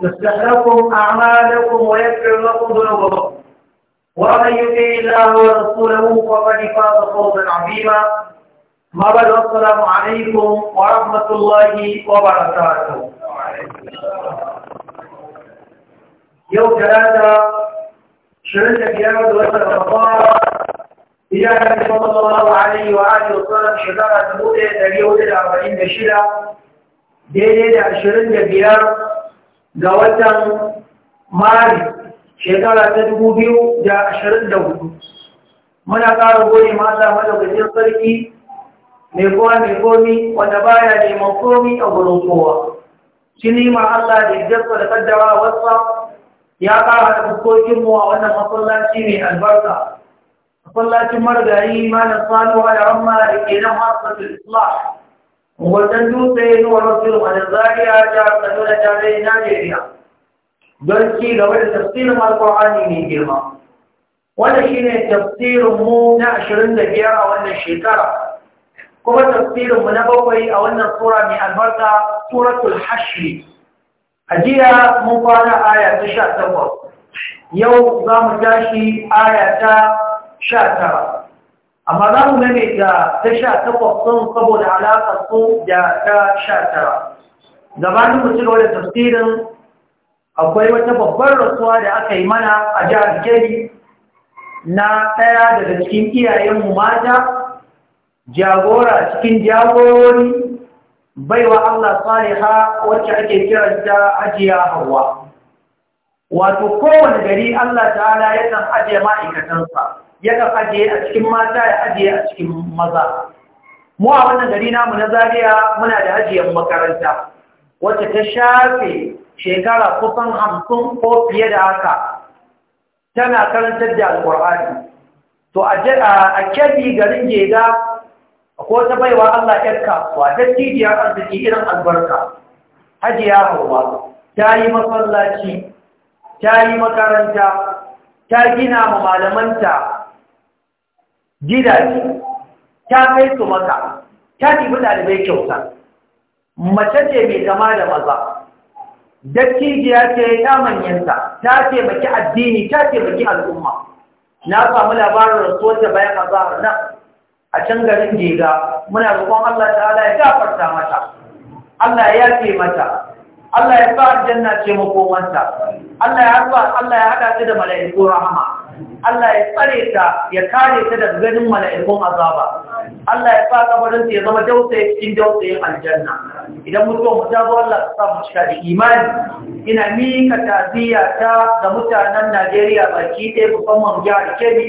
يصلح لكم أعمالكم ويغفر لكم ذنوبكم ومن يطع الله ورسوله فقد فاز فوزا عظيما ما بعد السلام عليكم ورحمة الله وبركاته يوم ثلاثة شرد بيار دوله رمضان إلى النبي صلى الله عليه وآله وسلم شجرة موتة تجيء إلى أربعين بشرة دي دي دي ga watan mari shekara ta dubu biyu da ashirin da hudu muna ƙara gode mata madaukakin sarki mai kowa mai komi wanda baya neman komi a gurin kowa shi nima Allah da jasa da a wasa ya ƙara da fuskokinmu a wannan masallaci mai albarka masallacin marigayi malam sanuwa da amma da ke nan hasatul islam wannan dutse ne wa rasul an zariya ta kaduna ta dai Najeriya don ci gaba da tafsirin alqur'ani ne girma wannan shine tafsirin mu na biyar a wannan shekara kuma tafsirin mu na bakwai a wannan sura mai albarka suratul A jiya, mun fara aya ta 18 yau za mu tashi aya ta tara amma za mu gane da ta sha takwas sun saboda alaƙar su da ta sha tara gabanin mu cigaba da tafsirin akwai wata babbar rasuwa da aka yi mana a jihar kebbi na ɗaya daga cikin iyayenmu mata jagora cikin jagorori baiwa Allah saliha wacce ake kiranta ajiya hawa wato kowane gari Allah ta'ala yakan ajiye ma'aikatansa yakan ajiye a cikin mata ya ajiye a cikin maza mu a wannan gari namu na Zariya muna da ajiyar makaranta wacce ta shafe shekara kusan hamsin ko fiye da haka tana karantar da alkur'ani to a kyabi garin geda ko ta baiwa allah yar kasuwa ta cijiyar arziki irin albarka hajiya hauwa ta yi masallaci ta yi makaranta ta gina ma malamanta gidaje ta kai su maka ta ɗibi ɗalibai kyauta mace ce mai zama da maza dattijiya ce ta manyanta ta taimaki addini ta taimaki al'umma na samu labarin rasuwar da bayan azahar nan a can garin jega muna roƙon Allah ta'ala ya gafarta mata Allah ya yafe mata Allah ya sa aljanna ce wanta. Allah ya haɗa Allah ya haɗa ta da mala'ikun rahama Allah ya tsare ta ya kare ta daga ganin mala'ikun azaba Allah ya sa kabarin ta ya zama dausaye cikin dausayin aljanna idan mutum mu ta zo Allah ta mu cika da imani ina mika taziya ta ga mutanen Najeriya baki ɗaya musamman jihar Kebbi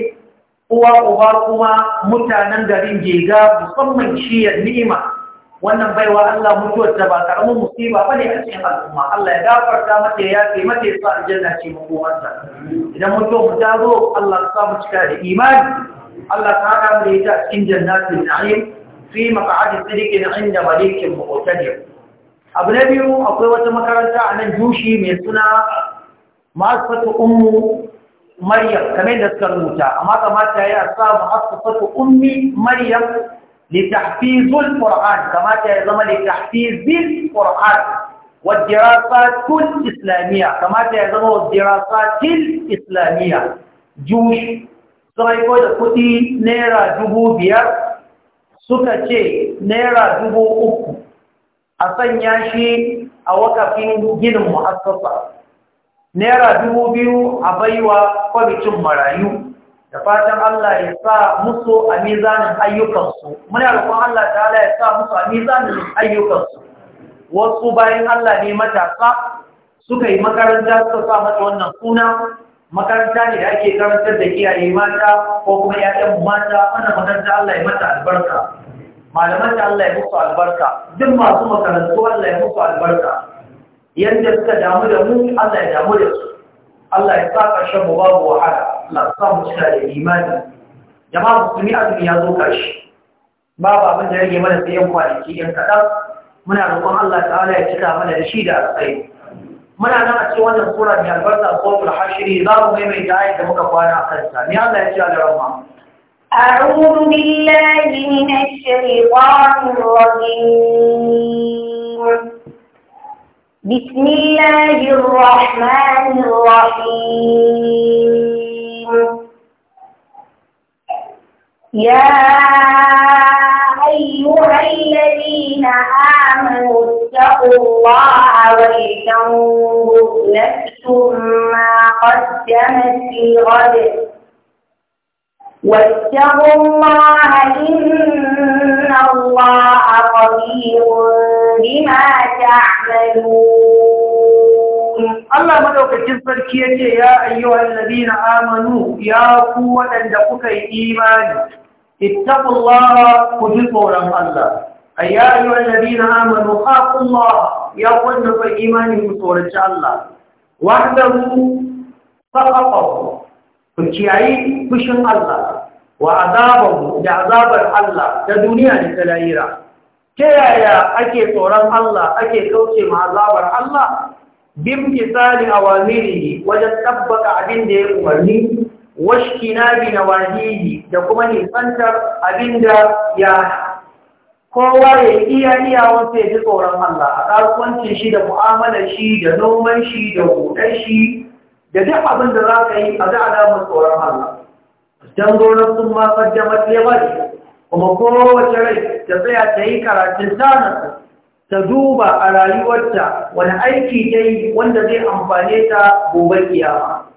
uwa uba kuma mutanen garin Jega musamman shiyar ni'ima wannan baiwa Allah mutuwar ta ba karamin musiba bane a cikin al'umma Allah ya gafarta mata ya kai mata ya sa aljanna ce makomarsa idan mutuwar mu ta zo Allah ya sa mu cika da imani Allah ta haɗa mu da ita a cikin jannatin na'im fi maq'adi sidiqin 'inda malikin muqtadir abu na biyu akwai wata makaranta a nan jushi mai suna masfatu ummu maryam kamar da suka rubuta amma kamata ya sa mu asfatu ummi maryam لتحفيظ القرآن كما تزم لتحفيظ القرآن والدراسات الإسلامية كما تزم الدراسات الإسلامية جوش سرائكو دكتي نيرا جبو بيار سكتي نيرا جبو أكو أصن ياشي أوكفين جن مؤسسة نيرا جبو بيو أبيوا قبتم مرايو da fatan Allah ya sa musu a mizanin ayyukansu muna roƙon Allah ta'ala ya sa musu a mizanin ayyukansu wasu bayan Allah ne matasa suka yi makaranta suka sa mata wannan suna makaranta ne da ake karantar da iyaye mata ko kuma ƴaƴan mata wannan makaranta Allah ya mata albarka malaman da Allah ya musu albarka duk masu makarantu Allah ya musu albarka yadda suka damu da mu Allah ya damu da su Allah ya sa ƙarshen mu babu wahala Allah sa mu cika da imani jama'a musulmi azumi ya zo ƙarshe babu abin da rage mana sayan kwanaki yan kaɗan muna roƙon Allah ta'ala ya cika mana da shi da alƙai muna nan a ci wannan sura mai albarka suratul hashiri za mu maimaita ayat da muka kwana a kansa ni Allah ya ce a da أعوذ بالله من الشيطان الرجيم بسم الله الرحمن الرحيم يا أيها الذين آمنوا اتقوا الله ولتنظر نفس ما قدمت غدر واتقوا الله إن الله قدير بما تعملون الله مدوك الجزبر كيانية يا أيها الذين آمنوا يا قوة عندكك إيمان اتقوا الله كذبوا رب الله أي يا أيها الذين آمنوا خافوا الله يا قوة إن شاء الله وحده فقطه فكي عيد بشن الله wa azabahu da azabar Allah ta duniya da ta lahira ta yaya ake tsoron Allah ake kauce ma azabar Allah bin misali awamirihi wajen tabbaka abin da ya umarni na bi nawahihi da kuma nisantar abin da ya kowa ya iya iya wasu ya ji tsoron Allah a kasuwancin shi da mu'amalar shi da noman shi da hudar shi da duk abin da za ka yi a ga alamun tsoron Allah can gonar sun ma kaddamar lebar kuma kowace rai ta tsaya ta yi karatun sanarsa ta duba a rayuwarta wani aiki ta yi wanda zai amfane ta gobe kiyama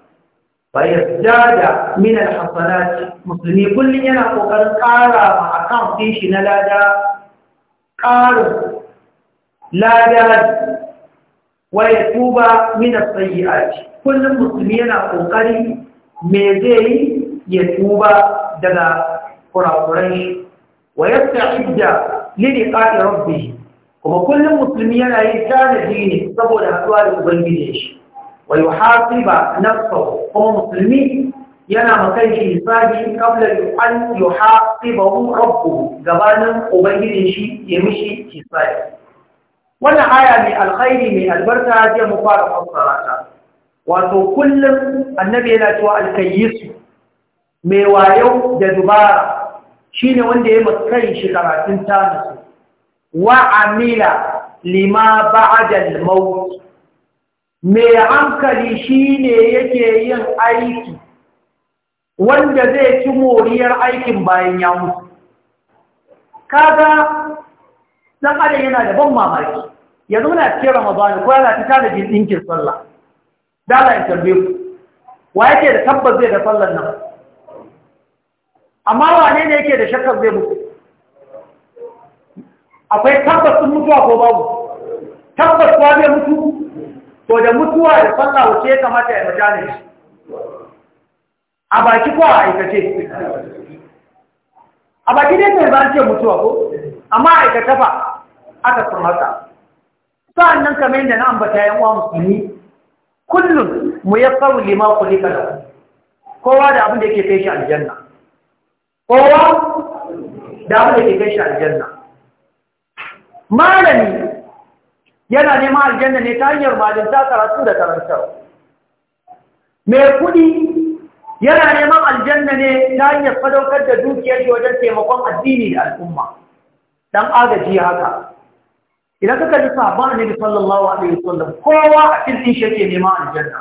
bayan da minar hasanaci musulmi kullum yana kokarin kara ma akan fishi na lada karin lada waya tuba minar sayi'ati kullum musulmi yana kokari me zai yi ya tuba daga kurakuran shi wa yasta'idda li liqa'i rabbi? kuma kullum musulmi yana yin tanadi ne saboda haɗuwa da ubangiji shi wa na nafsahu kuma musulmi yana makai shi hisabi kabla an yuhasibahu rabbu gabanin ubangijin shi ya mishi hisabi wannan aya mai alkhairi mai albarka jiya mu fara fassara ta wato kullum annabi yana cewa alkayyisu mai wayo da dubara shi ne wanda ya makarin shi karatun tanasu wa amila lima ba'adal maut mai hankali shi ne yake yin aiki wanda zai ci moriyar aikin bayan ya mutu kaga dan adam yana da ban mamaki yanzu muna cikin ramadan ko yana ta tanajin ɗinkin sallah dala ya tarbe ku wa yake da tabbas zai da sallar nan amma wane ne yake da shakkar zai mutu akwai tabbas sun mutuwa ko babu tabbas kuwa zai mutu to da mutuwa da sallah wace ya kamata ya mutane shi a baki ko a aikace a baki dai sai ba ce mutuwa ko amma aikata ba aka sun haka nan kamar yadda na ambata yan uwa musulmi kullum mu ya lima kulika lahu kowa da abin da yake kai shi aljanna kowa da abin ke gashi aljanna malami yana neman aljanna ne ta hanyar malinta karatu da karantar mai kudi yana neman aljanna ne ta hanyar fadaukar da dukiyar shi wajen taimakon addini da al'umma dan agaji haka idan ka kalli sahabban annabi sallallahu alaihi wasallam kowa a cikin shi yake aljanna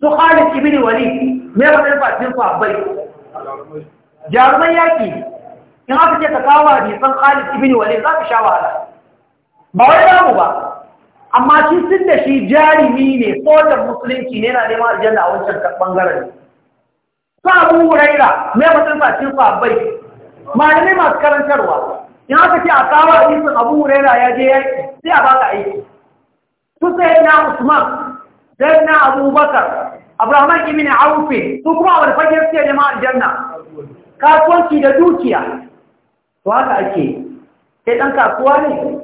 su Khalid ibn Walid me ba ne ba cikin jaruman yaƙi in haka ce ta kawo nisan Khalid ibn Walid za ka sha wahala ba wai damu ba amma shi tun da shi jarumi ne sojan musulunci ne na neman aljanna a wancan bangaren sa Abu Huraira mai bai ma ne mai masu karantarwa in haka ce a kawo nisan Abu wuraira ya je yaƙi sai a baka aiki su sai na Usman sai na Abubakar abrahman ibn Auf su kuma a wani fagen siya neman aljanna kasuwanci da dukiya to haka ake kai ɗan kasuwa ne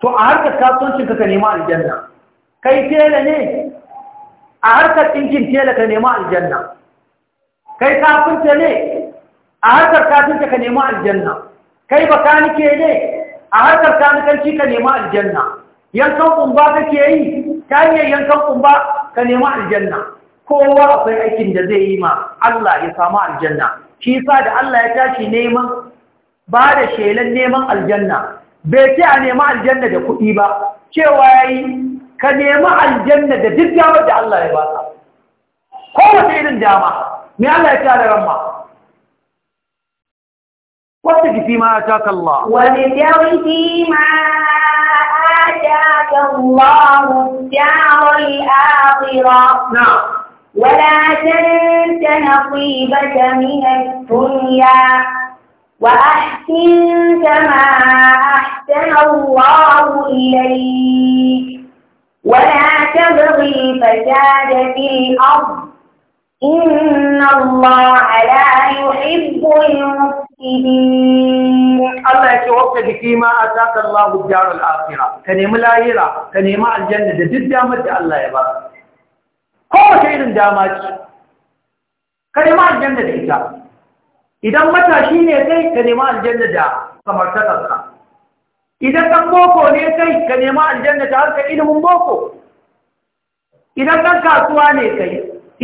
to a harkar kasuwancin ka nema aljanna kai tela ne a harkar ɗinkin tela ka nema aljanna kai kafinta ne a harkar kafinta ka nema aljanna kai bakanike ne a harkar kanikanci ka nema aljanna yankan kumba kake yi ta hanyar yankan kumba ka nema aljanna kowa akwai aikin da zai yi ma Allah ya samu aljanna shi sa da Allah ya tashi neman ba da shelan neman aljanna bai ce a nema aljanna da kuɗi ba cewa ya yi ka nema aljanna da duk damar da Allah ya ba ka kowace irin dama mai Allah ya ce da ramma وابتغ فيما آتاك الله وابتغ فيما آتاك الله الدار الآخرة نعم ولا تنس نصيبك من الدنيا وأحسن كما أحسن الله إليك ولا تبغي الفساد في الأرض إن الله لا يحب المفسدين الله يتوفق فيما أتاك الله الدار الآخرة كنيم لا يرى كنيم الجنة جدا مد الله يبارك kowace irin dama ce ka nema aljanna da ita idan matashi ne kai ka nema aljanna da samartakarka idan ɗan boko ne kai ka nema aljanna da harka ilimin boko idan ɗan kasuwa ne kai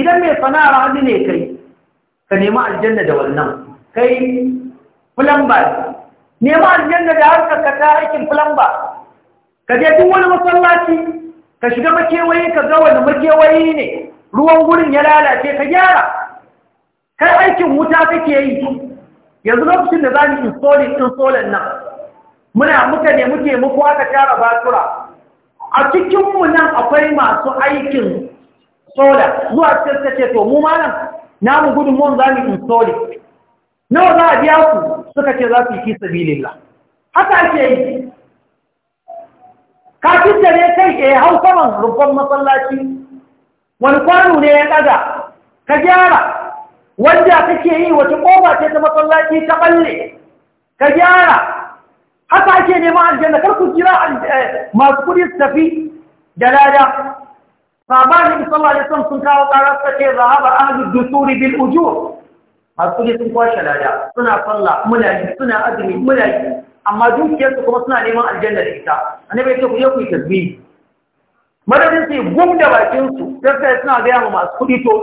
idan mai sana'ar hannu ne kai ka nema aljanna da wannan kai fulamba nema aljanna da harkar ka ta aikin fulamba ka je duk wani masallaci ka shiga makewayi ka ga wani makewayi ne ruwan gurin ya lalace ka gyara kai aikin wuta kake yi yanzu lokacin da za mu din solar nan muna muka ne muke muku aka tara batura a cikinmu nan akwai masu aikin sola zuwa cikin suka to mu malam namu gudunmuwan za mu insolin nawa za a biya ku suka ce za su yi fi sabilillah haka ake yi tattare kai ke eh, hau saman rufon masallaci wani kwano ne ya ɗaga ka gyara wanda kake yi wata ƙofa ce ta masallaci ta ɓalle. ka gyara haka ake neman aljanna kar ku jira eh, masu kudi su tafi da lada sabani sallallahu alaihi wasallam sun kawo ƙara suka ce zahaba ahli dusuri bil ujur masu kudi sun kwashe lada suna sallah muna yi suna azumi muna yi amma dukiyarsu kuma suna neman aljanna da ita annabi ya ce ku je ku yi tasbihi madadin su gum da bakin su sai suna gaya ma masu kuɗi to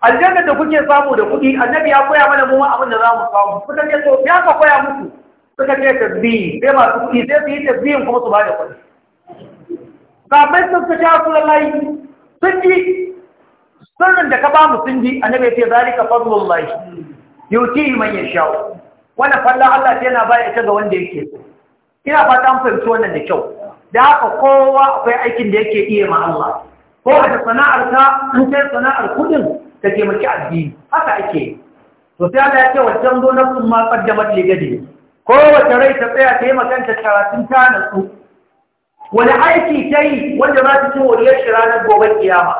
aljanna da kuke samu da kuɗi annabi ya koya mana muma abin da za mu samu suka ce to ya ka koya musu suka ce tasbihi sai masu kuɗi sai su yi tasbiyin kuma su ba da kuɗi sabai sun ta ja su lallai sun ji sirrin da ka ba mu sun ji annabi ya ce zalika fadlullahi yuti man yasha'u wannan falla Allah yana baya ita ga wanda yake so ina fata mun fahimci wannan da kyau da haka kowa akwai aikin da yake iya ma Allah ko a sana'ar ta in kai sana'ar kudin ta taimaki addini haka ake to sai Allah ya ce wajen zo na sun ma kaddamat gade. kowace rai ta tsaya ta yi makanta karatun ta natsu wani aiki ta yi wanda za ta ci wariyar shi ranar gobe kiyama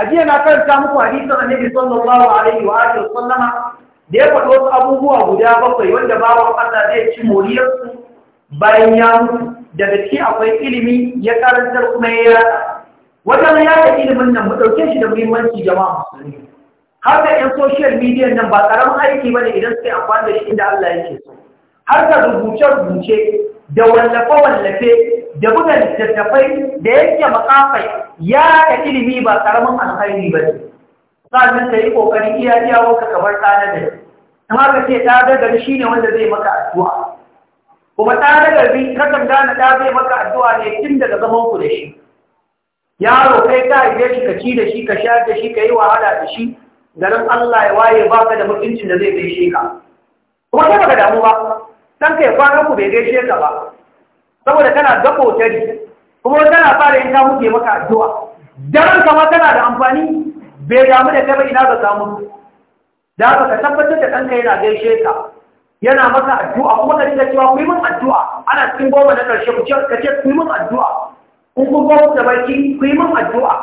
a jiya na karanta muku hadisin annabi sallallahu alaihi wa sallama da ya faɗi wasu abubuwa guda bakwai wanda babu Allah zai ci moriyarsu bayan ya mutu daga ci akwai ilimi ya karantar kuma ya wajen wannan ta ilimin nan mu shi da muhimmanci jama'a musulmi da yan social media nan ba ƙaramin aiki ba ne idan sai amfani da shi inda Allah yake so har da rubuce-rubuce da wallafe-wallafe da buga littattafai da yake makafai ya ta ilimi ba ƙaramin alhairi ba ne sannan ta yi ƙoƙarin iya iyawarka kamar ta kuma ka ce ta nagari shi ne wanda zai maka addu'a kuma ta nagari kakan gane ta zai maka addu'a ne tun daga zaman ku da shi yaro kai ta haife shi ka ci da shi ka sha da shi ka yi wahala da shi garin Allah ya waye ba baka da mutuncin da zai gaishe ka kuma kai baka damu ba dan kai ku bai gaishe ka ba saboda kana gabo tari kuma tana fara yin ta muke maka addu'a daren kama tana da amfani bai damu da kai ba ina ga samu da haka ka tabbatar da ɗanka yana gaishe ka yana masa addu'a kuma ka dinga cewa ku yi addu'a ana cikin goma na ƙarshe ku ka addu'a in kun goma da baki ku yi min addu'a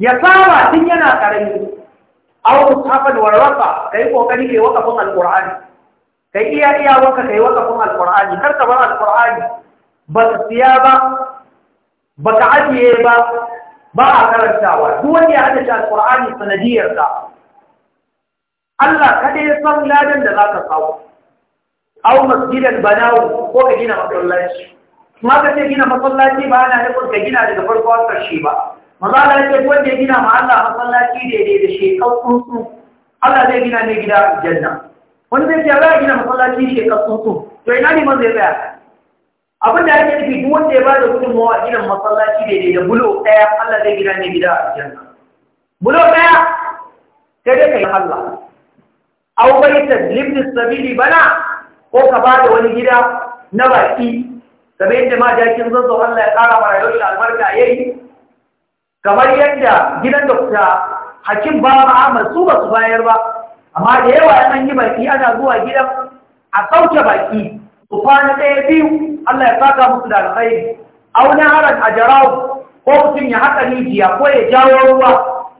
ya saba tun yana ƙarami aw mushafan warrafa kai kokari kai wakafin alqur'ani kai iya iya waka kai wakafin alqur'ani kar ka bar alqur'ani ba ka siya ba ba ka ajiye ba ba a karantawa duk wanda ya hada shi alqur'ani sanadiyar sa Allah kada ya san ladan da zaka samu aw masjidan banawu ko ka gina masallaci kuma ka ce gina masallaci ba ana nufin ka gina daga farko har karshe ba maza Allah ya ce wanda ya gina ma Allah masallaci daidai da shekau tsuntsu Allah zai gina mai gida aljanna Wani zai ce za a gina masallaci shekau tsuntsu to ina ne man ya tsaya abin da ake nufi duk wanda ya ba da gudunmawa a gidan masallaci daidai da bulo ɗaya Allah zai gida ne gida a aljanna bulo ɗaya sai dai yi Allah au ta libni sabili bana ko ka ba da wani gida na baki kamar yadda ma jakin zazzau Allah ya ƙara yau da albarka yayi kamar yadda gidan dokta hakim ba Ahmad su ba su bayar ba amma da yawa an yi baki ana zuwa gidan a sauke baki su kwana ɗaya biyu Allah ya saka musu da alkhairi auna haran a jarawo ko mutum ya haɗa rijiya ko ya jawo ruwa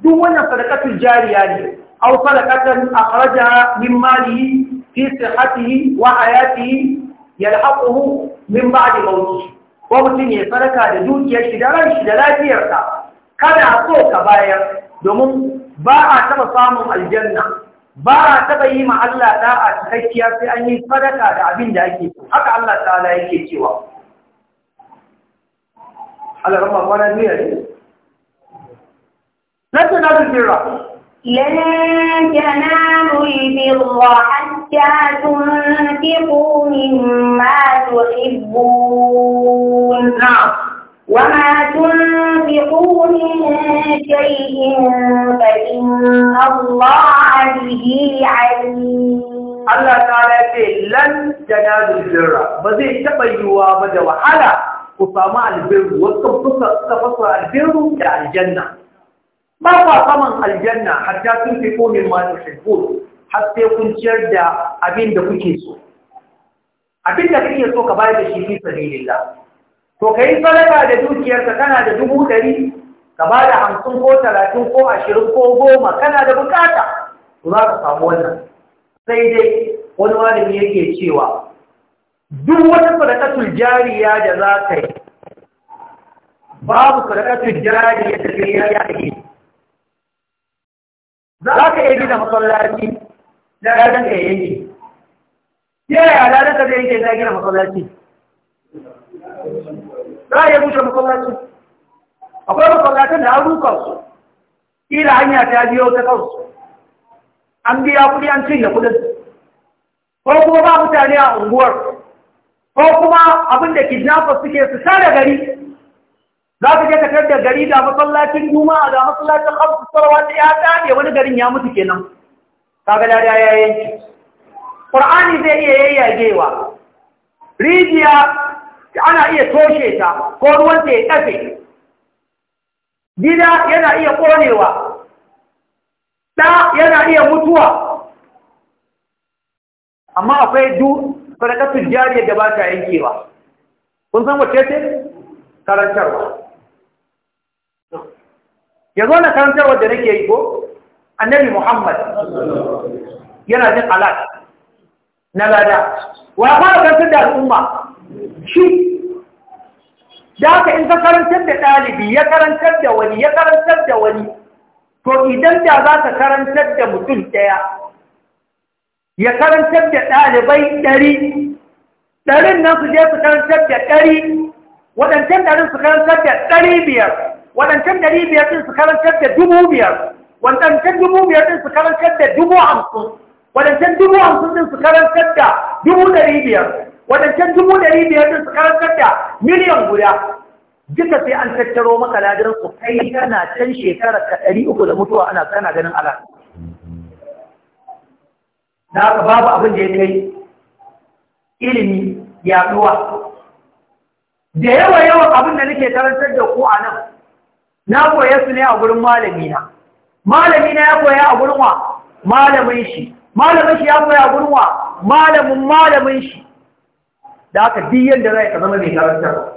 duk wannan sadakatun jariya ne aw sadakatan akhrajaha min malihi fi sihhatihi wa hayatihi yalhaquhu min ba'di mawtihi ko mutum ya sadaka da dukiyar shi da ran shi da lafiyarsa kada so ka bayar domin ba a taɓa samun aljanna ba a taɓa yi ma Allah da'a cikakkiya sai an yi sadaka da abin da ake haka Allah ta'ala yake cewa Allah rama kwana biya ne na tunanin birra لن تنالوا البر حتى تنفقوا مما تحبون نعم وما تنفقوا من شيء فإن الله به عليم Allah ta ta'ala ce lan janadul birra ba zai taɓa yiwuwa ba da wahala ku samu albiru. wasu kusa suka fasa albirru da aljanna ba kwa saman aljanna har ta sun fi komin ma tuhibbun har sai kun ciyar da abin da kuke so abin da kuke so ka bayar da shi fi sabilillah to ka yi sadaka da dukiyarka kana da dubu ɗari ka ba da hamsin ko talatin ko ashirin ko goma kana da bukata to za ka samu wannan sai dai wani malami yake cewa duk wata sadakatul jariya da za ka yi babu sadakatul jariya da sai ya yi za ka iya gina masallaci da ranar ya yanke yaya ranar ka zai yanke za gina masallaci za a iya rushe masallaci akwai masallacin da an ruka su kila hanya ta biyo ta kansu an biya kuɗi an cinye kuɗin ko kuma ba mutane a unguwar ko kuma abin da jinafa suke su da gari za su je ka da gari ga masallacin a ga masallacin hamsu sarwa ta ya tsage wani garin ya mutu kenan kaga da ya yanki Kur'ani zai iya yayyagewa rijiya ana iya toshe ta ko ta ya ƙafe gida yana iya konewa ɗa yana iya mutuwa amma akwai du sadakatun jariyar da ba ta yankewa kun san wace ce karantarwa ya zo na karantarwa da nake yi ko annabi muhammad yana jin alat na lada wa fara karantar da al'umma shi da ka in ka karantar da ɗalibi ya karantar da wani ya karantar da wani to idan da za ka karantar da mutum ɗaya ya karantar da ɗalibai ɗari ɗarin nan su je su karantar da ɗari waɗancan ɗarin su karantar da ɗari biyar waɗancan ɗari biyar ɗin su karantar da dubu biyar waɗancan dubu biyar ɗin su karantar da dubu hamsin waɗancan dubu hamsin ɗin su karantar da dubu ɗari biyar wadancan dubu ɗari biyar din su karantar da miliyan guda duka sai an tattaro maka ladar ku kai kana can shekarar ka ɗari uku da mutuwa ana kana ganin ala da haka babu abin da ya kai ilimi yaɗuwa da yawa yawan abin da nake karantar da ku a nan na koya su ne a gurin malamina malamina ya koya a gurin wa malamin shi malamin shi ya koya a gurin wa malamin malamin shi da aka diyan yadda za ka zama mai ba.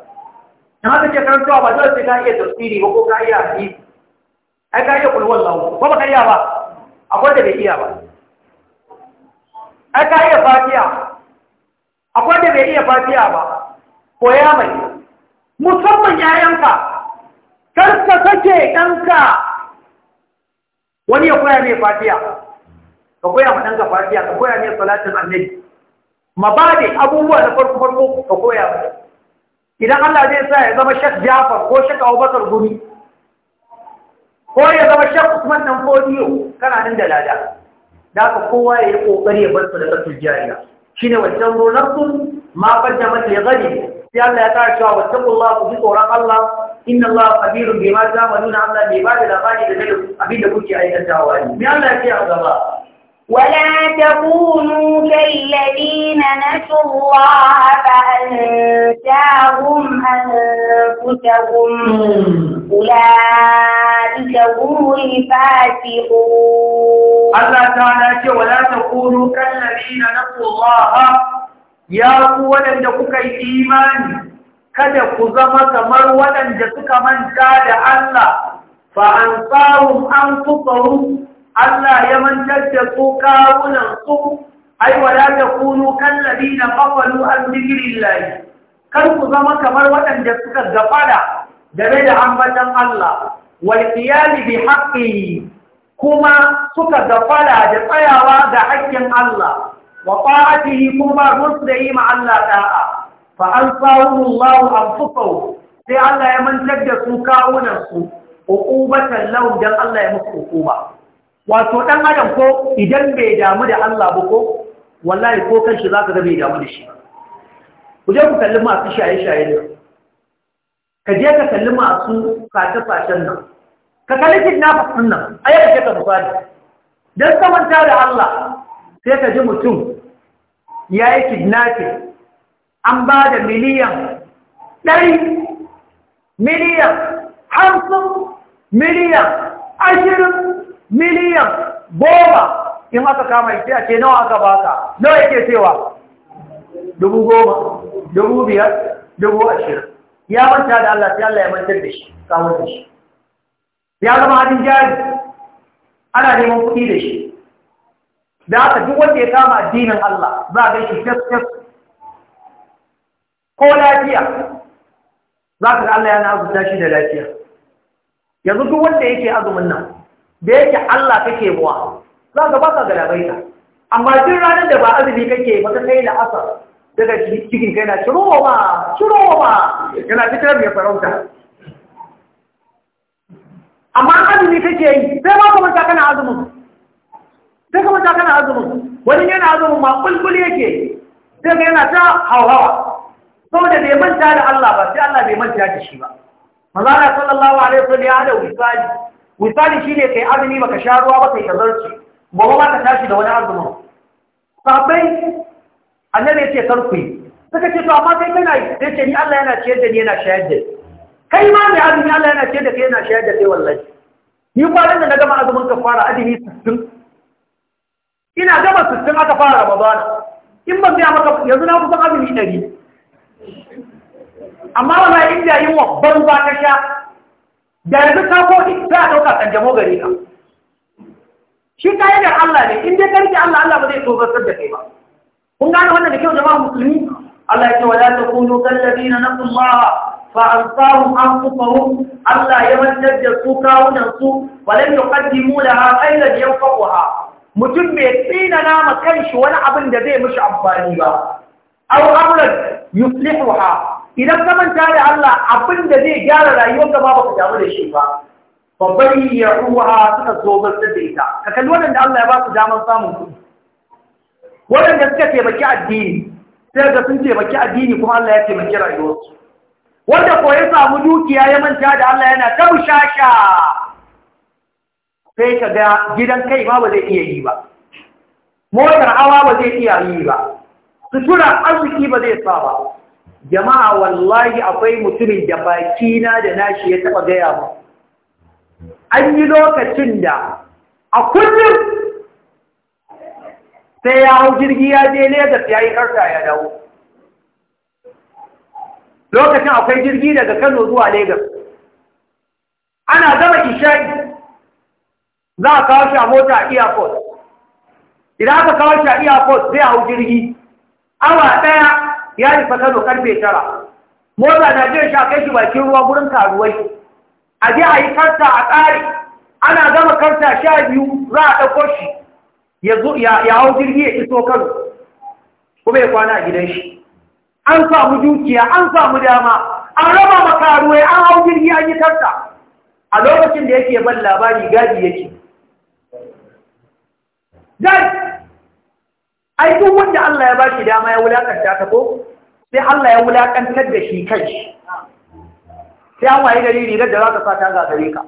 na haka ce karanta ba zai sai ka iya tafsiri ba ko ka iya yi. ai ka iya kulwar lawo ba ba ka iya ba akwai da bai iya ba ai ka iya fatiya akwai da bai iya fatiya ba koya mai musamman yayanka kar ka sake ɗanka wani ya koya mai fatiya ka koya ma ɗanka fatiya ka koya mai salatin annabi mabadi abubuwa na farko farko ka koya mata idan Allah zai sa ya zama shek Jafar ko Sheikh Abubakar guri ko ya zama shek Usman dan Fodiyo kana nan da lada da ka kowa ya yi kokari ya bar su da kasu jariya wancan ronar sun? ma qaddamat ya gani sai Allah ya tara cewa Allah ku ji tsoron Allah inna Allah qadirun bima ta'maluna Allah bai ba da labari da abin da kuke aikatawa ne me Allah ya ce a gaba ولا تكونوا كالذين نسوا الله فأنساهم أنفسهم أولئك هم الفاسقون الله تعالى ولا تكونوا كالذين نسوا الله يا قوة لكوك الإيمان kada ku zama kamar waɗanda suka manta da Allah fa an an Allah ya mantar da ku kawunan su ai kunu takunu kallabina qafalu an layi. Kan ku zama kamar waɗanda suka gafara game da ambatan Allah wal qiyam bi kuma suka gafada da tsayawa ga haƙƙin Allah wa ta'atihi kuma rusdayi ma Allah ta'a fa ansahu Allah anfusahu sai Allah ya mantar da su kawunan su uqubatan law dan Allah ya musu hukuma wato ɗan adam ko idan bai damu da Allah ba ko wallahi ko kanshi za ka ga bai damu da shi ku je ku kalli masu shaye-shaye nan ka je ka kalli masu sace-sacen nan ka kalli na ɗin nan a yadda ka misali don samanta da Allah sai ka ji mutum ya yi kidnapping an ba da miliyan ɗari miliyan hamsin miliyan ashirin miliyan goma in aka kama yake a ce nawa aka baka nawa yake cewa dubu goma dubu biyar dubu ashirin ya manta da Allah sai Allah ya mantar da shi kawo da shi ya zama hadin jari ana neman kuɗi da shi da haka duk wanda ya kama addinin Allah za a gaishe fes-fes ko lafiya za ka ga Allah ya na azurta shi da lafiya yanzu duk wanda yake azumin nan da yake Allah kake buwa za ka ba ka galabaita amma duk ranar da ba azumi kake ba ka kai la'asar daga cikin kai na ciro ma yana fitar mai farauta amma azumi kake yi sai ba ka manta kana azumin sai ka manta kana azumin wani yana azumin ma kulkul yake sai ka yana ta hawawa saboda bai manta da Allah ba sai Allah bai manta da shi ba Maza Allah sallallahu alaihi wasallam ya da wisali misali shi ne kai azumi ka sha ruwa ba kai ka ba gobe ka tashi da wani azumin sabai annabi ya ce kar suka ce to amma kai kana sai ce ni Allah yana ciyar da ni yana shayar da kai ma mai azumi Allah yana ciyar da kai yana shayar da kai wallahi ni kwanan da na gama azumin ka fara azumi 60 ina gama 60 aka fara Ramadana in ban biya maka yanzu na kusan azumi 100 amma wallahi in da yin wa ba ka sha da yanzu ka koɗi za a ɗauka kanjamo gare ka shi ƙa'idar Allah ne in dai ka rike Allah Allah ba zai tobartar da kai ba kun gane wannan da kyau jama'a musulmi Allah ya ce wala takunu kallabina naqullaha فأنصارهم أنفسهم ألا يمدد سوكا وننسو ولن يقدموا لها أيضا ينفقها mutum bai tsina nama kanshi wani abin da zai mishi amfani ba aw amran yuslihuha idan ka manta da Allah abin da zai gyara rayuwar ka ba baka damu da shi ba Babbar ya ruwa suka zo masu da ita ka kalli waɗanda Allah ya ba su damar samun kuɗi waɗanda suka taimaki addini sai ga sun taimaki addini kuma Allah ya taimaki rayuwarsu wanda ko ya samu dukiya ya manta da Allah yana ta bushasha sai ka ga gidan kai ma ba zai iya yi ba motar hawa ba zai iya yi ba sutura arziki ba zai sa ba jama'a wallahi akwai mutumin da bakina da nashi ya taba gaya mu an yi lokacin da a kullum sai ya hau jirgi ya je Legas ya yi karta ya dawo lokacin akwai jirgi daga Kano zuwa Legas ana gama isha'i za a kawo shi a mota a airport idan aka kawo shi a airport zai hau jirgi awa ɗaya ya rufe kano karfe tara mota na jin sha kai shi bakin ruwa gurin karuwai a je a yi karta a tsari ana gama karta sha biyu za a ɗauko shi ya hau jirgi ya iso kan kuma ya kwana a gidan shi an samu dukiya an samu dama an raba ma karuwai an hau jirgi an yi karta a lokacin da yake ban labari gadi yake gadi ai duk wanda Allah ya ba shi dama ya wulakanta ka ko sai Allah ya wulaƙantar da shi kai sai an waye gari rigar da za ka sata ga gare ka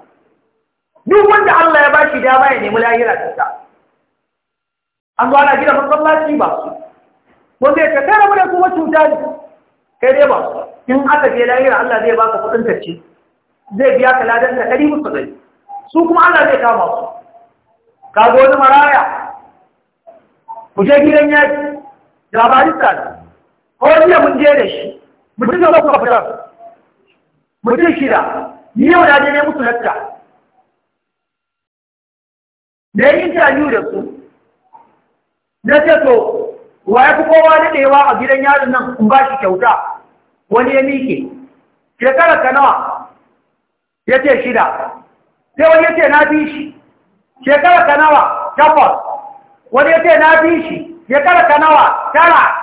duk wanda Allah ya bashi dama ya nemi lahira ta ta an zo ana gina masallaci ba ko zai ka kare mu da kuma cuta ne kai dai ba in aka je lahira Allah zai baka kudin tacce zai biya ka ladan da ɗari musu gari su kuma Allah zai kama su ka wani maraya ku je gidan yaki da ba tsada ko jiya mun je da shi mutum da kuma fitar mutum shida ni yau na je ne musu lakta na yi interview da su na ce to wa ya fi kowa daɗewa a gidan yarin nan in ba shi kyauta wani ya mike. shekara ka nawa ya ce shida sai wani ya ce na fi shi shekara ka nawa takwas wani ya ce na fi shi shekara ka nawa tara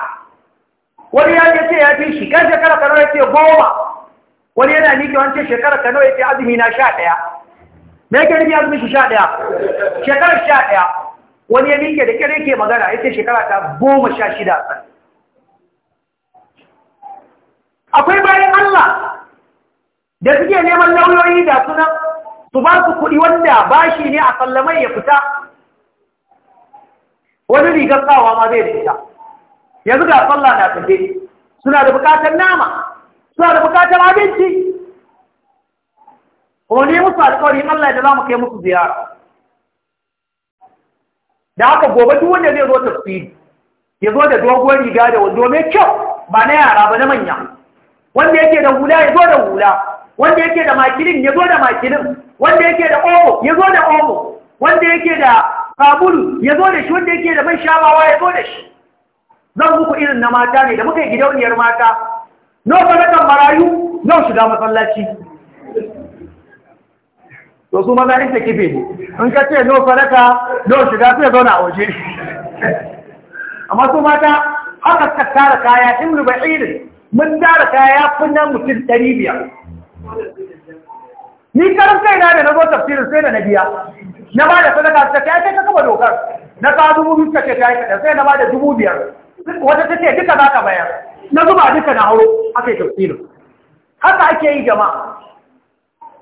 wani ya ce ya fi shi kan shekara kano ya ce goma wani yana nike wancan shekara kano ya ce azumi na sha ɗaya me yake nufi azumi shi sha ɗaya shekara sha ɗaya wani ya nike da kyar yake magana ya ce shekara ta goma sha shida akwai bayan Allah da suke neman lauyoyi da sunan su ba su kuɗi wanda bashi ne a sallamai ya fita wani rigar kawo ma zai da ita yanzu ga sallah na tafe suna da bukatar nama suna da bukatar abinci kuma ne musu alƙawari Allah da za mu kai musu ziyara da haka gobe duk wanda zai zo tafsiri ya zo da doguwar riga da wando mai kyau ba na yara ba na manya wanda yake da hula ya zo da hula wanda yake da makilin ya zo da makilin wanda yake da omo ya zo da omo wanda yake da kabulu ya zo da shi wanda yake da man shawawa ya zo da shi zan muku irin na mata ne da muka yi gidauniyar mata no kan marayu yau shiga masallaci to su maza ita kife ne in ka ce no sadaka no shiga sai zauna a waje amma su mata haka ka tara kaya in irin, mun tara kaya fi nan mutum ɗari biyar ni karin kai na da na zo tafsirin sai da na biya na ba da sadaka ta kai ka kama dokar na ka dubu biyu ta ce ta yi kaɗan sai na ba da dubu biyar wata ta ce duka za ka bayar na zuba duka na hauro aka yi tafsirin haka ake yi jama'a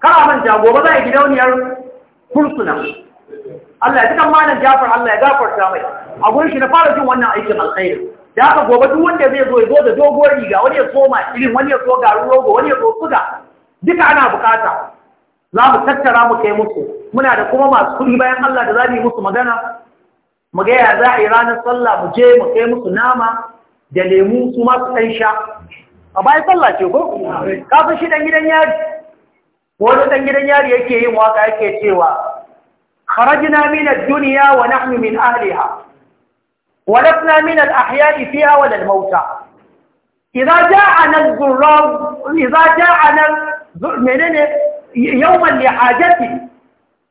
kara manta gobe za a yi gidauniyar fursuna Allah ya tukan malam Jafar Allah ya gafar mai a gurin shi na fara jin wannan aikin alkhairi da haka gobe duk wanda zai zo ya zo da dogon riga wani ya so irin wani ya so garin rogo wani ya so suga duka ana bukata za mu tattara mu kai musu muna da kuma masu kuɗi bayan Allah da za mu yi musu magana mu ga ya za a yi ranar sallah mu je mu kai musu nama da lemu su masu ɗan sha a bayan sallah ce ko kafin shi ɗan gidan yari wani ɗan gidan yari yake yin waka yake cewa kharajna min ad-dunya wa nahnu min ahliha wa lasna min al-ahya'i fiha wa al-mauta idza ja'ana az-zurrab idza ja'ana menene yawman li hajati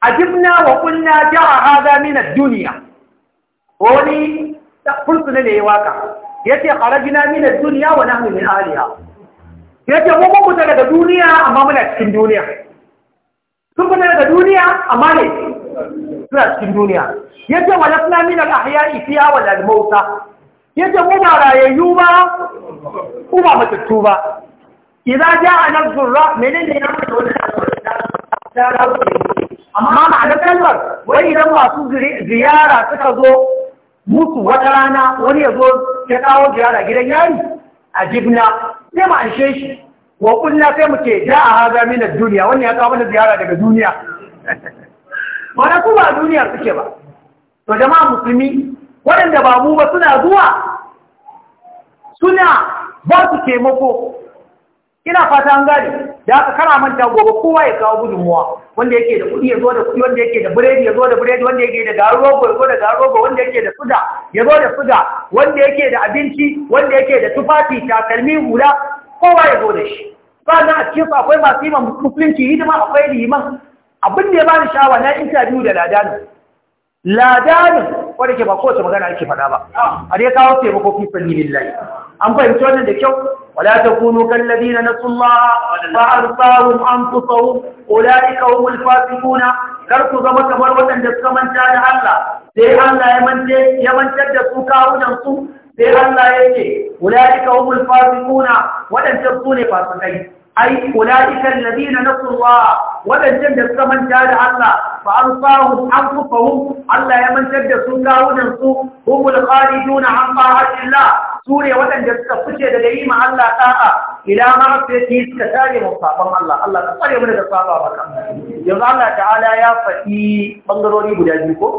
ajibna wa qulna ja'a hadha min ad-dunya wani fursuna ne ya waka ya ce gina mina duniya wa nahnu min aliya ya ce kuma mun daga duniya amma muna cikin duniya sun fita daga duniya amma ne suna cikin duniya ya ce wa suna mina al-ahya'i fiha wal al-mauta ya ce kuma ba rayayyu ba kuma matattu ba idan ja a nan zurra menene ya mutu wani da amma ma'anar kalmar wai idan masu ziyara suka zo musu wata rana wani ya zo ta kawo ziyara gidan yari a jibna sai mu anshe shi wa kunna sai muke da a haza mina duniya wani ya kawo mana ziyara daga duniya mana ku ba duniya suke ba to ma musulmi waɗanda ba mu ba suna zuwa suna ba su taimako ina fata an gane da aka kara manta gobe kowa ya kawo gudunmuwa wanda yake da kuɗi ya zo da kuɗi wanda yake da biredi ya zo da biredi wanda yake da garo rogo ya zo da garo rogo wanda yake da suga ya zo da suga wanda yake da abinci wanda yake da tufafi takalmi hula kowa ya zo da shi Ba na a cikin akwai masu yi ma musulunci hidima akwai liman abin da ya bani sha'awa na interview da ladanu ladanin wadda ke ba kowace magana ake faɗa ba ah. a dai kawo taimako fi sabilin lai an fahimci wannan da kyau wala ta kunu kallabi na nasullaha ba an tsarun an ika ulaika humul kar ku zama kamar waɗanda suka manta da Allah sai Allah ya manta ya da su kawunan su sai Allah ya ce ulaika humul fasiquna waɗanda su ne fasikai ai ulaiikal ladina nasullah wadancan da suka manta da Allah fa alfahum anfusahum Allah ya mantar da su kawunan su humul khaliduna an ta'atillah sure waɗanda suka fice daga yi ma Allah ta'a ila ma'asiyati suka tare mu safan Allah Allah ka tsare mu daga safa ba yanzu Allah ta'ala ya faɗi bangarori guda biyu ko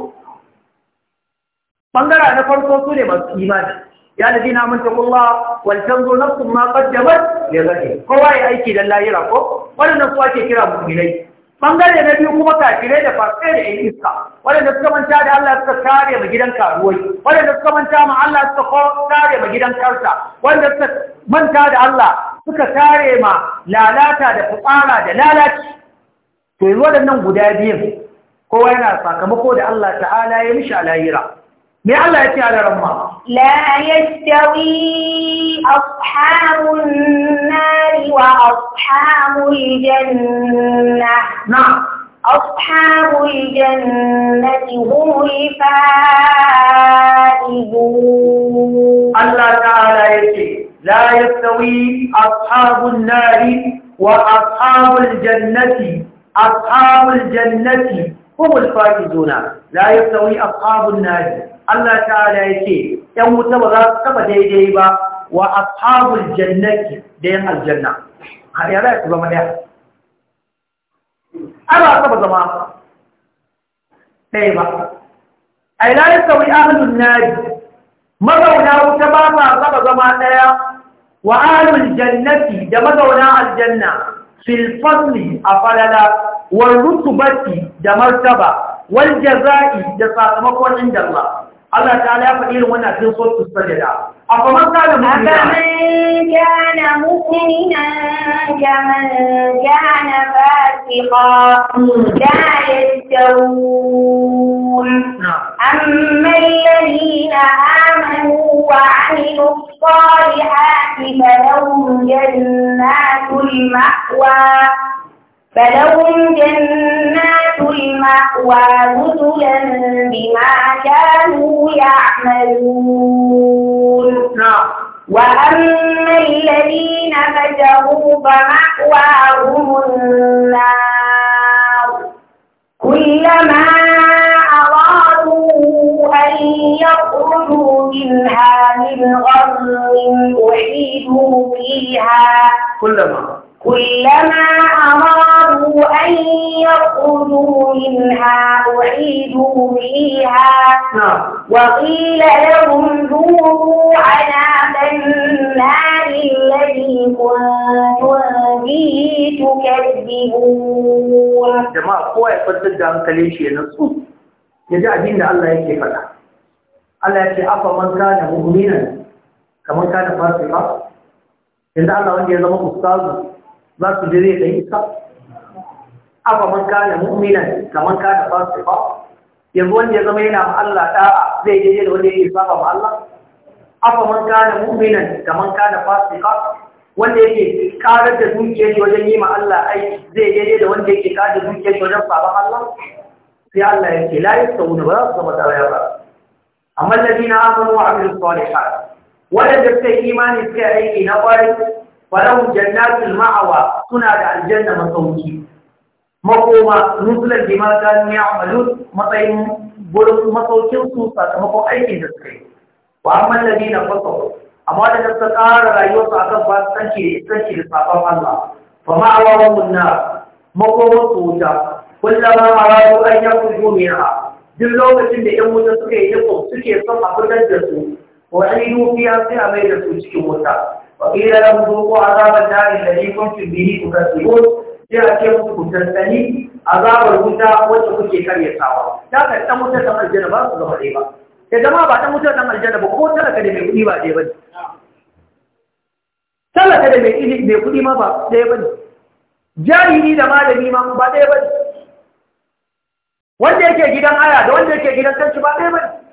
bangara na farko sune masu imani ya ladina manta Allah wal tanzur nafsum ma qaddamat ya kowa ya aiki dan lahira ko wannan su ake kira mu'minai bangare na biyu kuma kafirai da fasai da yan iska waɗanda suka manta da Allah suka kare ma gidan karuwai waɗanda suka manta ma Allah suka kare ma gidan karta waɗanda suka manta da Allah suka kare ma lalata da fitsara da lalaci to yanzu waɗannan guda biyu kowa yana sakamako da Allah ta'ala ya mishi a lahira لا يستوي أصحاب النار وأصحاب الجنة نعم أصحاب الجنة هم الفائزون الله تعالى يقول لا يستوي أصحاب النار وأصحاب الجنة أصحاب الجنة هم الفائزون لا يستوي أصحاب النار Allah ta'ala ya ce ‘yan wuta ba za su taba daidai ba wa ashabul jannati da yan aljanna har ya za su zama ɗaya ana taba zama ɗaya ba a ila yi sauri ahalun nari mazauna wuta ba sa taba zama ɗaya wa ahalul jannati da mazauna aljanna filfasli a falala wa rutubati da martaba wal jaza'i da sakamakon inda Allah Allah ta ya faɗi irin wannan cikin sotu sajada a kuma kana mu'mina man kana mu'minan kaman kana fasiqa la yastawun amma alladhina amanu wa 'amilu الصالحات فلهم جنات المأوى فلهم جنات المأوى نزلا بما كانوا يعملون نعم. وأما الذين فجروا فمأواهم النار كلما أرادوا أن يخرجوا منها من غر أحيطوا فيها كلما كلما أرادوا أن يخرجوا منها أعيدوا فيها نعم. وقيل لهم ذوقوا عذاب النار الذي كنتم به تكذبون جماعة قوة يفتد عن كليشي الله يكي فلا الله يكي أفا من كان مؤمنا كمن كان فاسقا إن الله عندي يزمك أستاذ za su je zai ɗan isa afa man kana mu'minan kaman da fasifa yanzu wanda ya zama yana ma Allah da'a zai je da wanda yake saba ma Allah afa man kana mu'minan kaman da fasifa wanda yake karar da dukiyar shi wajen yi ma Allah aiki zai je da wanda yake karar da dukiyar shi wajen saba Allah sai Allah ya ce la yastawuna ba za su zama tsaraya ba amma alladina amanu wa amilus salihat wanda suka imani suka aiki na kwarai falahu jannatul ma'awa suna da aljanna masauki makoma nusulan bima kanu matsayin gurin masaukin su sakamakon aikin da suka yi wa amma ladina amma da suka ƙara rayuwar su akan fasikanci da da sabon Allah fa ma'awahum an-nar makomar su wuta kullama aradu an yakhruju minha duk lokacin da yan wuta suka yi nufin suke son a da su wa an yi nufiya sai a mai da su cikin wuta وقيل لهم ذوقوا عذاب النار الذي كنتم به تكذبون sai a ce muku a azabar wuta wacce kuke karyatawa ta ka dan wutar dan aljanna ba su zama ɗaya ba sai zama ba dan wutar dan aljanna ba ko talaka da mai kuɗi ba ɗaya ba ne talaka da mai mai kuɗi ma ba ɗaya ba ne jahili da malami ma ba ɗaya ba ne wanda yake gidan aya da wanda yake gidan kanci ba ɗaya ba ne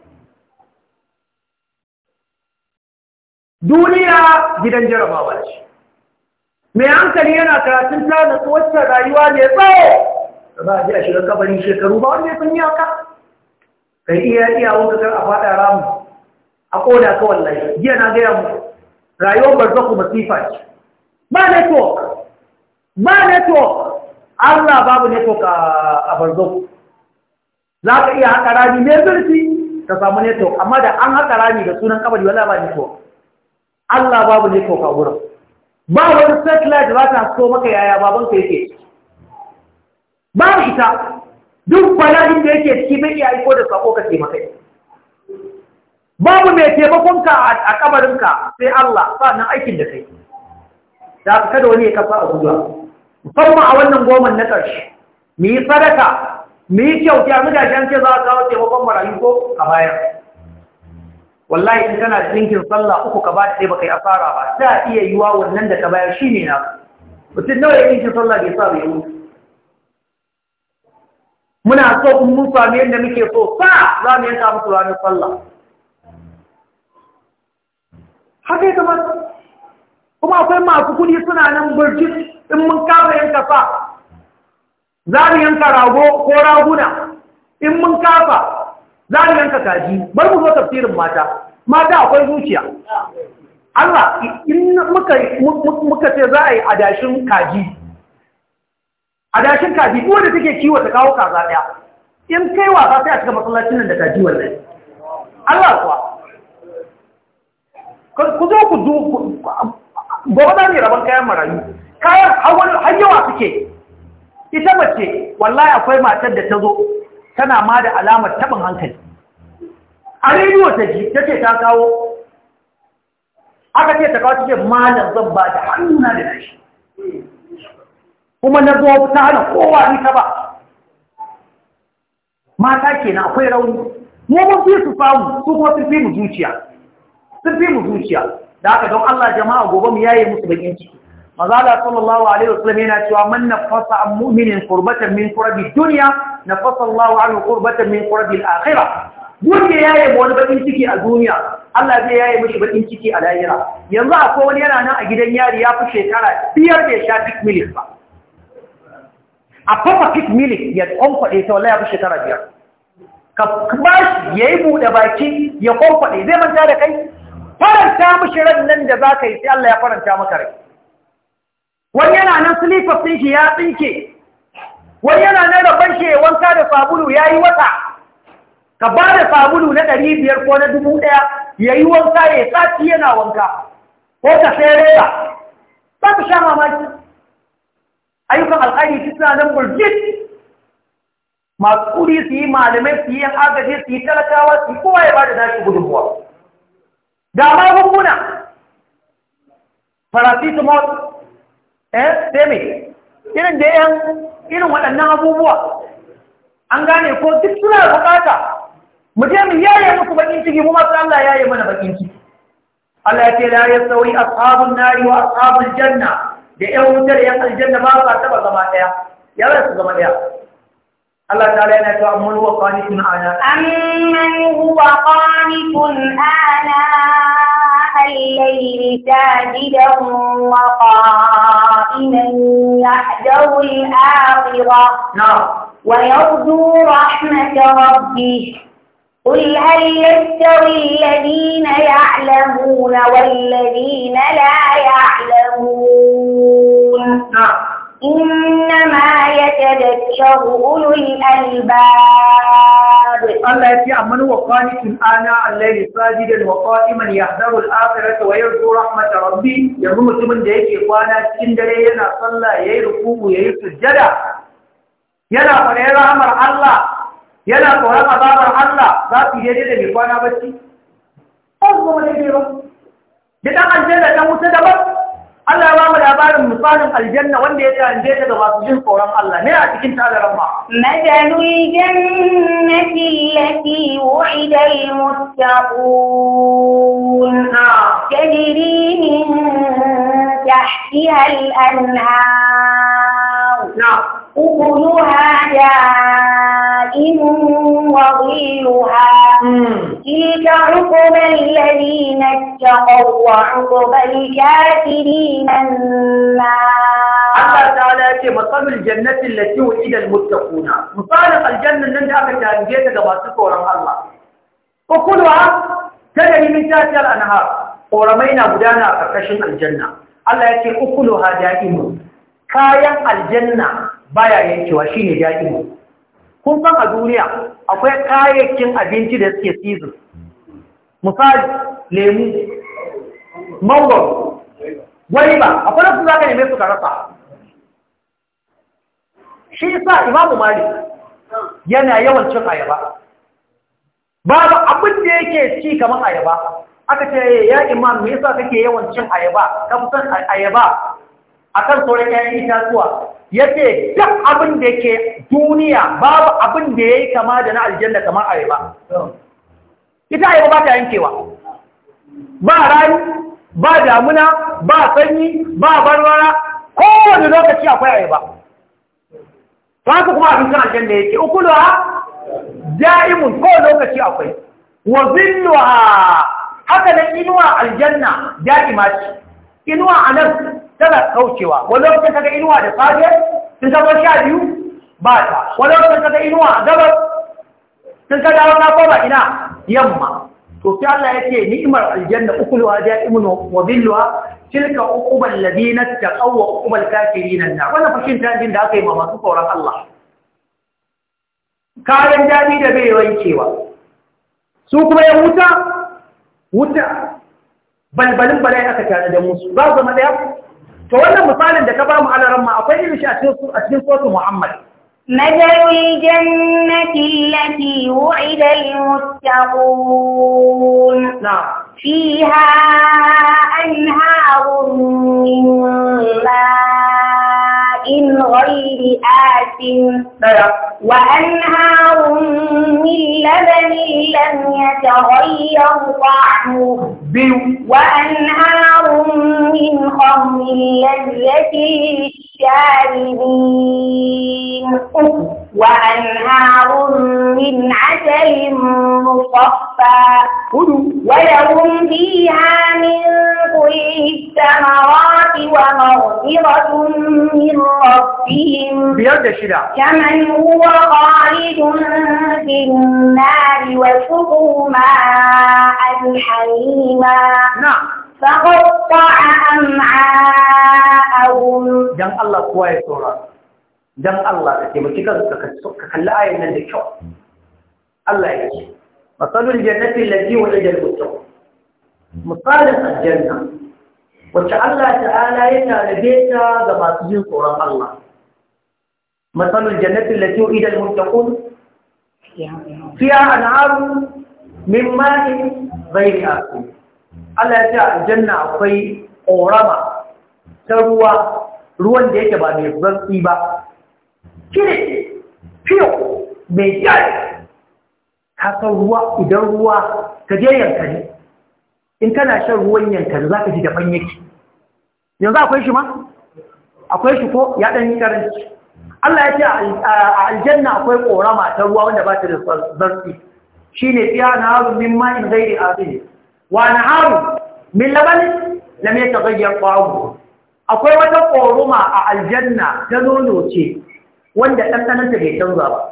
duniya gidan jarabawa ce mai hankali yana karatun ta da wacce rayuwa ne tsawo da za a ji a shirin kabarin shekaru ba wanda ya sun yi haka kai iya iya wanda kan a faɗa ramu a ƙoda ka wallahi jiya na gaya mu rayuwar barzaku masifa ce ba network ba network Allah babu network a barzaku za ka iya haƙa rami mai zurfi ka samu network amma da an haƙa rami da sunan kabari wala ba network Allah babu ne ko kawuran ba wani satellite da za ta so maka yaya baban babanka yake ba ita duk bala'in da yake ciki bai iya aiko da sako ka taimaka babu mai taimakonka a kabarinka sai Allah ba nan aikin da kai da aka kada wani ya kafa a zuwa musamman a wannan goman na ƙarshe mu yi sadaka mu yi kyauta mu da ce za a kawo taimakon marayu ko a bayar wallahi in kana ɗinkin sallah uku ka ba dai baka yi asara ba ta iya yiwa wannan da ka bayar shine na mutum nawa ya ɗinkin sallah bai sa bai mutu muna so in mun sami yadda muke so sa za mu yanka musu ranar sallah haka ya kamata kuma akwai masu kudi suna nan birjit in mun kama yanka sa za mu yanka rago ko raguna in mun kafa za mu yanka kaji bar mu zo tafsirin mata Ma da akwai zuciya Allah in muka ce za a yi adashin kaji adashin kaji ko da take kiwo ta kawo kaza daya in kai wa sai a cika masallacin nan da kaji wallahi Allah kuwa ku zo ku zo gobe za ne rabon kayan marayu kayan har yawa suke ita mace wallahi akwai matar da ta zo tana ma da alamar taɓin hankali a rediyo ta ji ta ce ta kawo aka ce ta kawo cikin ce malam zan ba da hannuna da nashi kuma na zo ta hana kowa ni ta ba mata kenan akwai rauni mu mun fi su famu su kuma sun fi mu zuciya sun fi mu zuciya da aka don Allah jama'a gobe mu yaye musu bakin ciki maza Allah sallallahu alaihi wasallam yana cewa man nafasa an mu'minin qurbatan min qurbi dunya nafasa Allahu anhu qurbatan min qurbi al-akhirah wanda ya yi wani bakin ciki a duniya Allah zai yaye mishi bakin ciki a lahira yanzu akwai wani yana nan a gidan yari ya fi shekara biyar da ya sha pick milik ba a fafa pick milik ya kwankwaɗe ta wallahi ya fi shekara biyar ka ba shi ya yi buɗe baki ya kwankwaɗe zai manta da kai faranta mishi ran nan da za ka yi sai Allah ya faranta maka rai wani yana nan silifafin shi ya tsinke wani yana nan rabon shi ya wanka da sabulu ya yi wata ka ba da sabulu na ɗari biyar ko na dubu ɗaya ya yi wanka ya sati yana wanka ko ka sai reza ba ka sha mamaki ayyukan alƙari suna nan burjit masu kuri su yi malamai su yi agaji su yi talakawa su kowa ya ba da nashi gudunmuwa ga magunguna paracetamol eh sai irin da yan irin waɗannan abubuwa an gane ko duk suna bukata mu je mu yaye muku bakin ciki mu masu Allah yaye mana bakin ciki Allah ya ce la yasawi ashabun nari wa ashabul janna da ƴan wutar ƴan aljanna ba sa taba zama ɗaya ya ba su zama ɗaya Allah ta'ala yana cewa amman huwa qanitun ana amman huwa qanitun ana الليل ساجدا وقائما يحذر الآخرة نعم ويرجو رحمة ربه قل هل يستوي الذين يعلمون والذين لا يعلمون إنما يتذكر أولو الألباب الله يتي أمن وقانت آناء الليل ساجدا وقائما يحذر الآخرة ويرجو رحمة ربي يظن من ديك إخوانا سندرينا صلى يركوب يسجد يلا فريرا أمر الله yana tsoron azabar Allah za su yi daidai da mai kwana bacci ba su zama daidai ba da ɗan aljanna ɗan wuta daban Allah ya ba mu labarin misalin aljanna wanda ya canje ta da masu jin tsoron Allah ne a cikin ta da ramma masalul jannati allati wu'ida al-muttaqun tajri min tahtiha al-anhar أكلها دائم وظيلها تلك عقب الذين اتقوا وعقب الكافرين النار الله تعالى يقول مقام الجنة التي وعد المتقون مطالق الجنة لن التي أبتها بجيتك باسكورا الله وكلها تدري من تاتي الأنهار ورمينا بدانا gudana الجنة الله aljanna Allah ya ce ukulu ha baya yankewa shine da'imu kun san a duniya akwai kayayyakin abinci da suke season misali lemu mangoro gwaiba akwai da su za ka neme su karasa shi sa imamu malik yana yawan cin ayaba babu abin da yake ci kamar ayaba aka ce eh, ya imam me yasa kake yawan cin ayaba ka fi ayaba akan sauran ƴaƴan itatuwa ce duk abin da yake duniya babu abin da ya yi kama da na aljanna kamar ayaba ita ayaba ba ta yankewa ba rayu, ba damuna ba sanyi ba barbara kowane lokaci akwai ayaba ba haka kuma abin kan aljanna yake ukuluwa da'imun kowane lokaci akwai wa zilluha haka nan inuwa aljanna da'ima ce inuwa a nan. tana kaucewa wani lokacin kaga inuwa da safe sun kafa sha biyu ba ta wani lokacin kaga inuwa a gabas sun ka dawo na ina yamma to sai Allah ya ce ni'imar aljanna ukuluha da'imun wa billuha tilka uqubal ladina taqaw wa uqubal kafirin annar wannan fashin tajin da aka yi ma masu tsoron Allah kayan dadi da bai wankewa su kuma ya wuta wuta balbalin balai aka tare da musu ba zama daya to wannan misalin da ka ba mu alaran ma akwai irin shi a cikin sosu muhammad مثل الجنة التي وعد المتقون نعم فيها أنهار من ماء من غير آت وأنهار من لبن لم يتغير طعمه وأنهار من خمر لذة للشاربين وأنهار من عسل مصفى ولهم فيها من كل الثمرات ومغفرة من ربهم كمن هو خالد في النار وسقوا ماء حميما نعم فقطع أمعاءهم جن الله كويس don Allah ka taimaki kanka ka kalli ayan nan da kyau Allah ya ce masalul jannati allati wa'ida al-muttaqin misalin aljanna wacce Allah ta'ala yana tarabe ta ga masu jin tsoron Allah masalul jannati allati wa'ida al-muttaqin fiha anharu min ma'in ghairi asin Allah ya ce aljanna akwai ƙorama ta ruwa ruwan da yake ba mai zantsi ba kirki fiyo mai jari ka san ruwa idan ruwa ta je yankari in kana shan ruwan yankari za ka ji daban yake yanzu akwai shi ma akwai shi ko ya ɗan yi karanci. Allah ya ce a aljanna akwai ƙorama ta ruwa wanda ba ta da zarfi shi ne fiya na haru min ma'in zai da azini wa na haru min labanin na mai ta zayyar ƙwaru akwai wata ƙoruma a aljanna ta nono ce wanda ɗanɗananta bai canza ba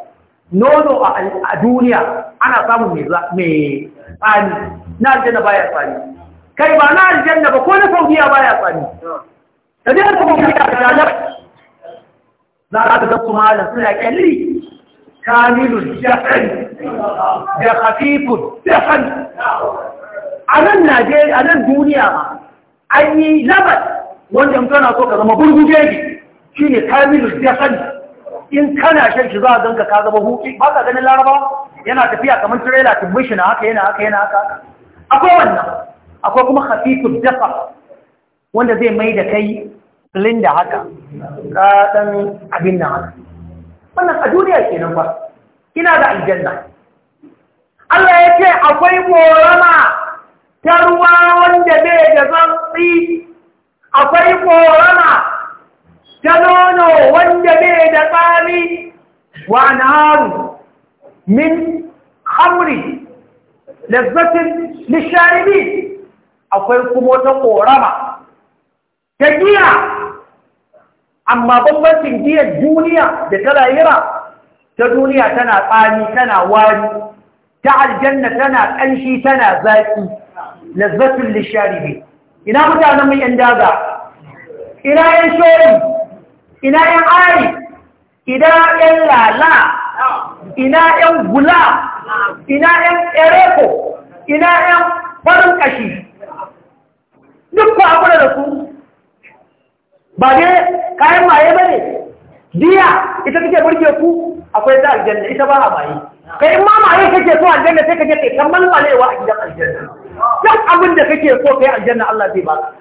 nono a duniya ana samun mai tsani na aljanna baya tsani kai ba na aljanna ba ko na saudiya baya tsani da biyar kuma kuma da nan za a ga su malam suna kyalli kamilun jahan da hafifun jahan a nan najeriya a nan duniya ma an yi labar wanda mutum na so ka zama burguje shi ne kamilun jahan in kana shan shi za a ganka ka zama huki ba ka ganin laraba yana tafiya kamar tirela tun mishi na haka yana haka yana haka akwai wannan akwai kuma hafifin dafa wanda zai mai da kai linda haka ka ɗan abin na haka wannan a duniya ke nan ba ina da aljanna Allah ya ce akwai ƙorama ta ruwa wanda bai da tsi akwai ƙorama. ta nono wanda bai da tsami wa anharu min khamri lazzatin lisharibi akwai kuma wata korama ta giya amma bambancin giyar duniya da ta lahira ta duniya tana tsami tana wari ta aljanna tana ƙanshi tana zaƙi lazzatin lisharibi ina mutanen mai yan daga ina yan shori ina yan ari ina yan lala ina yan gula ina yan ereko ina yan farin kashi duk ku haƙura da su ba dai kayan maye ba ne diya ita take burge ku akwai ta aljanna ita ba a maye kai in ma maye kake so aljanna sai kake kai kamar malmalewa a gidan aljanna duk abin da kake so kai aljanna Allah zai baka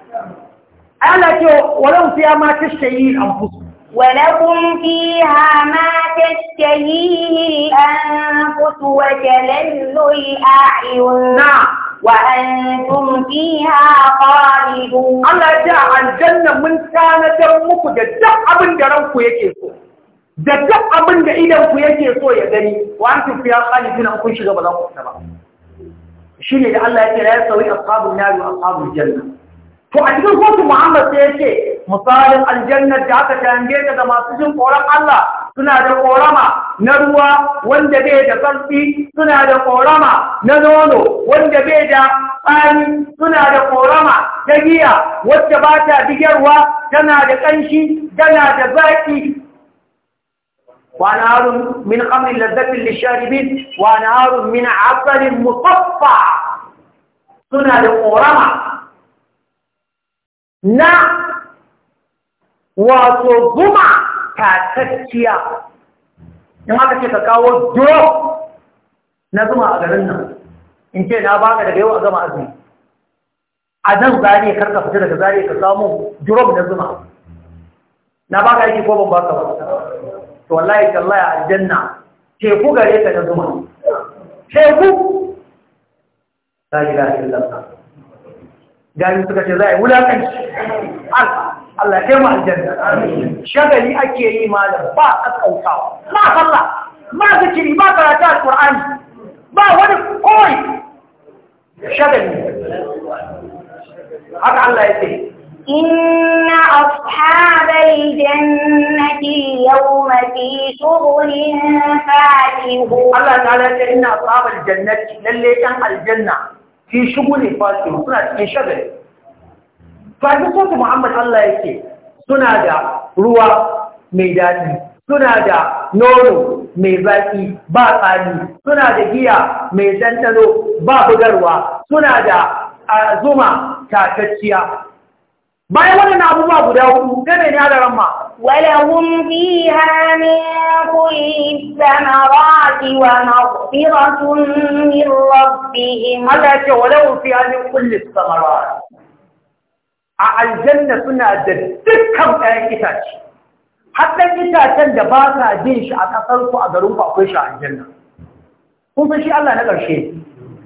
Ayala ce walau sai ma tashayi an fusu ولكم فيها ما تشتهيه الأنفس وتلذ الأعين نعم وأنتم فيها خالدون الله جاء الجنة من كان دمك دجا أبن جرمك يكي سو دجا أبن دعيدك يكي سو يا دني وأنتم فيها خالدون أكون شغب الله سبحانه شيء الله يتلاسوي أصحاب النار وأصحاب الجنة to a cikin kotun Muhammad sai yake misalin aljannar da aka tange ta da masu jin koran Allah suna da korama na ruwa wanda bai da sarfi suna da korama na nono wanda bai da tsani suna da korama ta giya wacce ba ta bigarwa tana da ƙanshi tana da zaƙi وأنهار من خمر لذة للشاربين وأنهار من عسل مصفى سنة القرمة na wato guma tatacciya in haka ce ka kawo duro na zuma a garin nan in ce na baka daga yau a gama azumi a nan zane karka fita daga zane ka samu duro na zuma na baka yake ko ban baka ba to wallahi tallahi aljanna teku gare ka na zuma teku la ilaha lantarki gani suka ce za a yi wulakanci Allah kai mu aljanna shagali ake yi malam ba kaskautawa ba sallah ba zikiri ba karatu alqur'ani ba wani koi shagali haka Allah ya ce إن أصحاب الجنة اليوم في شغل فاكهون الله تعالى إن أصحاب الجنة للي كان الجنة fi ne fasin suna cikin shagali fasin sosu muhammad allah yake suna da ruwa mai daɗi suna da nono mai zaƙi ba tsari, suna da giya mai ɗanɗano ba bugarwa suna da zuma tatacciya bayan wannan abubuwa guda hudu sai ne ya da ramma walahum fiha min kulli samawati wa maghfiratun min rabbihim Allah ya ce walahum fiha min kulli samawati a aljanna suna da dukkan ɗayan itace har ɗan itacen da ba sa jin shi a ƙasar ku a garin ku akwai shi a aljanna kun san shi Allah na ƙarshe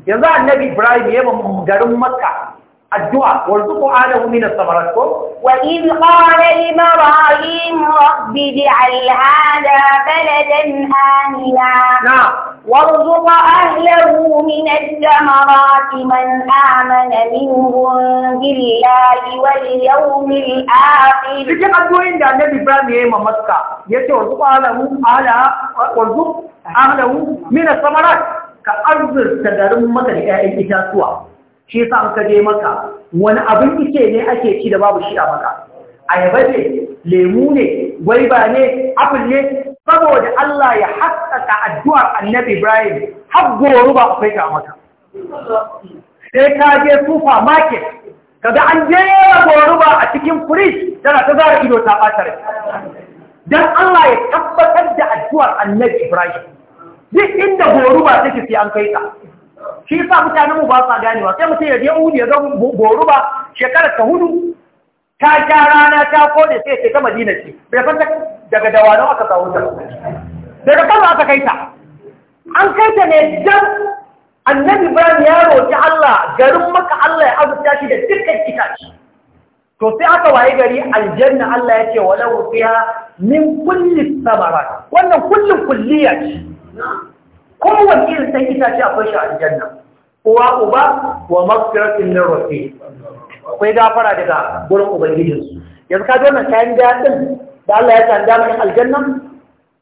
yanzu annabi Ibrahim ya garin Makka الدعاء وارزقوا آله من الثمرات وإذ قال إبراهيم رب اجعل هذا بلدا آمنا نعم وارزق أهله من الثمرات من آمن منهم بالله واليوم الآخر لكي قد وين النبي إبراهيم مكة يتي وارزق أهله أهله وارزق أهله من الثمرات كأرض تدرم مكة لأهل shi yasa an je maka wani abin ike ne ake ci da babu shi a maka ayaba ne lemu ne gwaiba ne abin ne saboda Allah ya haskaka addu'ar annabi Ibrahim har goro ba kai ta maka sai ka je supermarket kaga an je goro goruba a cikin fridge tana ta zara ido ta fatar dan Allah ya tabbatar da addu'ar annabi Ibrahim duk inda goruba take sai an kai ta shi sa mutanen mu ba sa ganewa sai mutum ya je Uhud ya ga boru ba shekarar ta hudu ta ja rana ta kone sai ce ta Madina ce bai san daga dawanau aka sa wuta daga Kano aka kai ta an kai ta ne dan Annabi Ibrahim ya roki Allah garin maka Allah ya azurta shi da dukkan itace. to sai aka waye gari aljanna Allah ya ce walau fiha min kulli samarat wannan kullin kulliya ce kowane irin san itace akwai shi a aljanna uwa uba wa magfiratin min rabbi akwai gafara daga gurin ubangijin su yanzu ka wannan kayan dadin da Allah ya tanda mana aljanna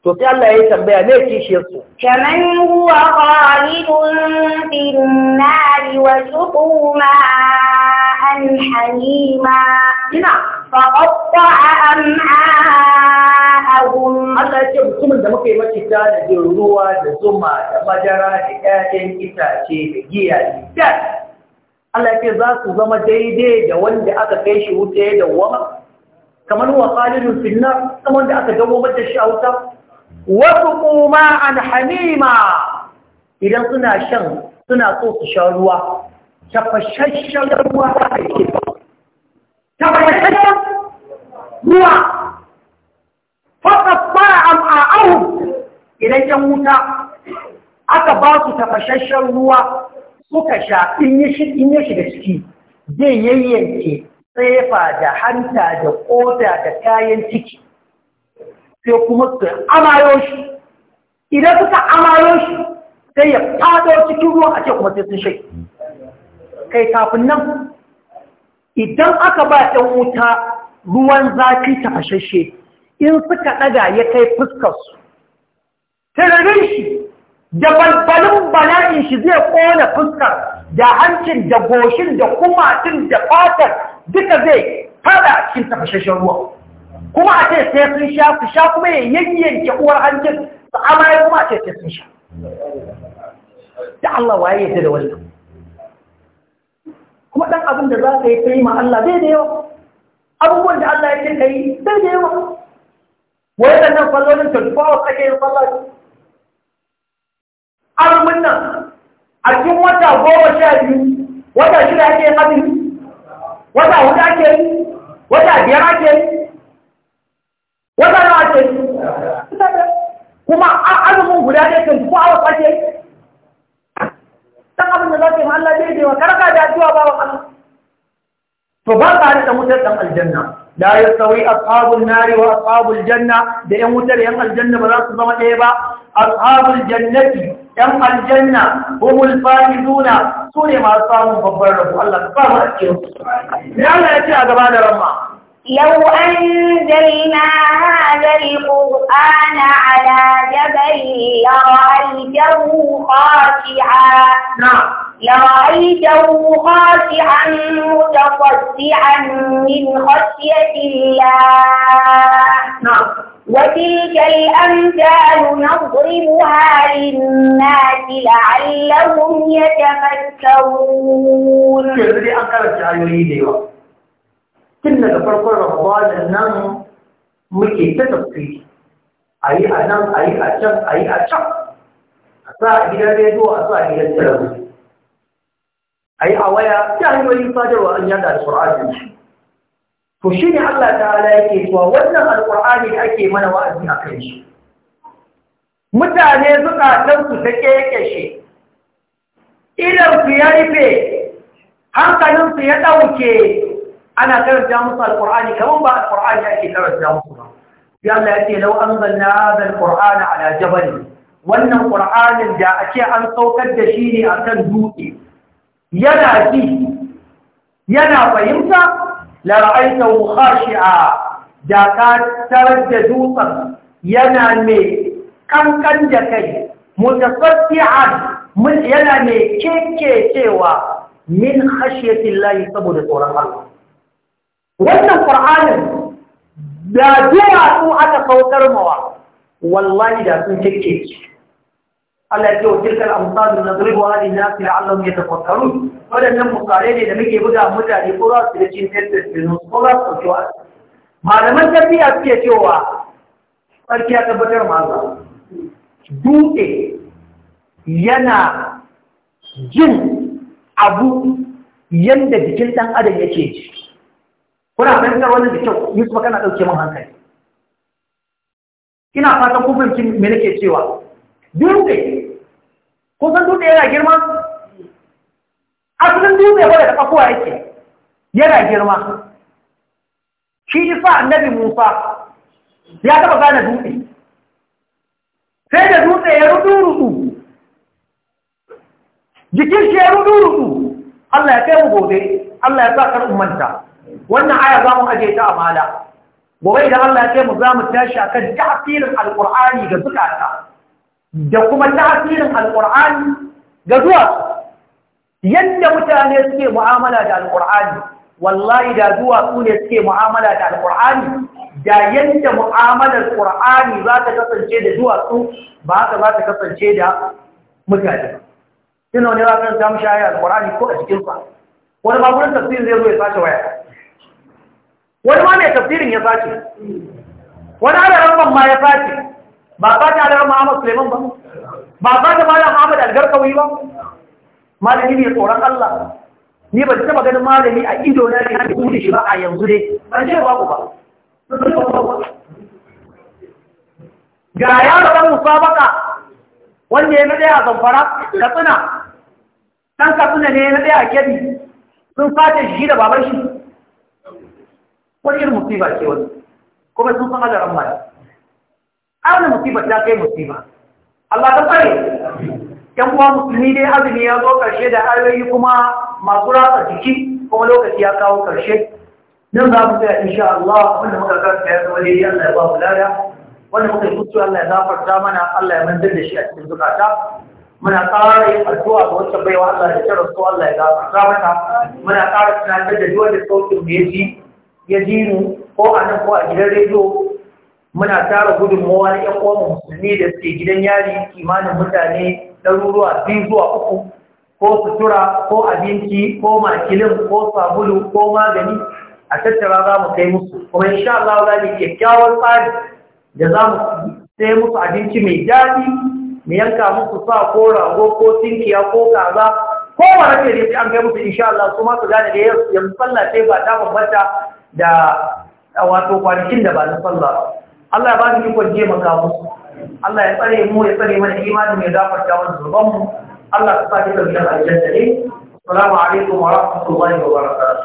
to sai Allah ya tambaya me kishiyar su kaman huwa qalibun bin nari wa shuquma an halima ina فقطع أمعاءهم Allah ya ce mutumin da muka yi mace da ruwa da zuma da madara da 'ya'yan itace da giya da Allah ya ce za su zama daidai da wanda aka kai shi wuta ya dawwama kamar wa qalilun finnar kamar wanda aka dawo da shi a wuta wasu an hamima idan suna so su sha ruwa ruwa tabbatacce ruwa fasaffara am'a'ahum idan yan wuta aka ba su ruwa suka sha in ya shiga ciki zai yayyanke tsefa da hanta da ƙota da kayan ciki sai kuma su amayo shi idan suka amayo shi sai ya fado cikin ruwa a ce kuma sai sun shai kai kafin nan idan aka ba ɗan wuta ruwan zafi fashashe in suka ɗaga ya kai fuskarsu tararin shi da balbalin bala'in shi zai ƙona fuskar da hancin da goshin da kumatin da fatar duka zai fada cikin fashashen ruwa kuma a ce sai sun sha su sha kuma ya yanyanke uwar hancin su kuma a ce sun sha da Allah waye ta da wannan kuma ɗan abin da za ka yi kai ma Allah zai da yawa abubuwan da Allah ya ce ka yi zai da yawa wai da nan fallolin tulfawa kake yin fallon abubuwan nan a cikin wata goma sha biyu wata shida ake yin abin wata huɗu ake yi wata biyar ake yi wata nawa ake yi kuma azumin guda ne kan tuko awa ake yi san abin da za ka yi ma Allah zai je wa karka da addu'a ba wa Allah to ba ka da mutar dan aljanna la yasawi ashabun nari wa ashabul janna da yan wutar yan aljanna ba za su zama ɗaya ba ashabul jannati yan aljanna humul su sune masu samun babbar rabu Allah ka ba mu a cikin ya Allah ya ce a gaba da ramma لو أنزلنا هذا القرآن على جبل لرأيته خاشعا نعم لرأيته خاشعا متصدعا من خشية الله نعم وتلك الأمثال نضربها للناس لعلهم يتفكرون tun daga farkon ramadanin nan muke ta tafi a yi a nan a yi a can a yi a can a sa a gidan rediyo a sa a gidan talabijin a yi a waya ta hanyoyin sadarwa an yada alƙur'anin shi to shi ne Allah ta'ala yake cewa wannan alƙur'ani da ake mana wa'azi a kan shi mutane suka zukatansu ta ƙeƙeshe su ya rufe hankalinsu ya ɗauke ana karanta musu alqur'ani kamar ba Alƙur'ani ake karanta musu ba sai Allah ya ce law anzalna hadha alqur'ana ala jabal wannan qur'anin da ake an saukar da shi ne akan dutse yana ji yana fahimta la ra'aytahu khashi'a da ka tarar da dutsen yana mai kankan da kai mutasaddi'an mun yana mai kekecewa min khashiyati llahi saboda tsoron Allah wannan qur'anin da duwatsu aka saukar mawa wallahi da sun cike Allah ya ce wa tilkal na nadribu Allah nas la'allahum yatafakkarun wadannan misalai ne da muke buga mutane ko za su da cin tattalin ko za su ciwa malaman tafiya suke cewa tsarki ya tabbatar ma za dutse yana jin abu yadda jikin ɗan adam yake ji kuna fahimtar wannan da kyau ni kuma kana ɗauke min hankali ina fatan kun fahimci me nake cewa dutse ko san dutse yana girma asalin dutse ba da taɓa kowa yake yana girma shi isa annabi musa ya taɓa gane dutse sai da dutse ya rudu-rudu jikin shi ya rudu-rudu Allah ya kai mu gobe Allah ya sa kar umanta wannan aya za mu aje ta gobe idan Allah ya ce mu za mu tashi akan tasirin alqur'ani ga zukata da kuma tasirin alqur'ani ga zuwa yadda mutane suke mu'amala da alqur'ani wallahi da zuwa su ne suke mu'amala da alqur'ani da yadda mu'amalar qur'ani za ta kasance da zuwa su ba haka za ta kasance da mutane Sina wani za ka samu shayar alqur'ani ko a cikin sa wani ba gurin tafsir zai zo ya sace waya wani ma mai tafsirin ya sace wani alaran ma ya sace ba sace alaran Muhammad Suleiman ba ba sace malam Muhammad Algarkawi ba malami ne tsoron Allah ni ba taba ganin malami a ido na ne da kudi shi ba a yanzu dai an ce babu ba ga yaro dan musabaka wanda ya nade a zamfara katsina dan katsina ne ya nade a kedi sun sace shi da babar shi wani irin musiba ce wani kuma sun san hadarin mai ana musiba ta kai musiba Allah ta tsare yan uwa musulmi dai azumi ya zo karshe da ayoyi kuma masu ratsa jiki kuma lokaci ya kawo karshe nan za mu tsaya insha Allah wanda muka karanta ya zama dai Allah ya ba mu lada wanda muka yi mutu Allah ya zafarta mana Allah ya manzar da shi a cikin zukata muna ƙara yin addu'a ga wacce baiwa Allah da ta rasu Allah ya gafarta mata muna ƙara tunatar da duk wanda sauƙin da ya ji ya dinu ko a nan ko a gidan rediyo muna tara gudunmuwa na ‘yan uwan musulmi da suke gidan yari kimanin mutane ɗaruruwa biyu zuwa uku ko sutura ko abinci ko makilin ko sabulu ko magani a tattara za mu kai musu kuma sha Allah za mu kyakkyawan tsari da za mu sai musu abinci mai daɗi mu yanka musu sa ko rago ko tinkiya ko kaza ko wani ne sai an kai musu insha Allah su su gane da yanzu sallah sai ba ta bambanta da wato kwanakin da ba na sallah Allah ya ba mu ikon je maka mu Allah ya tsare mu ya tsare mana imani mai gafarta wa zuban mu Allah ya sa ki da aljanna ne assalamu alaikum wa rahmatullahi wa barakatuh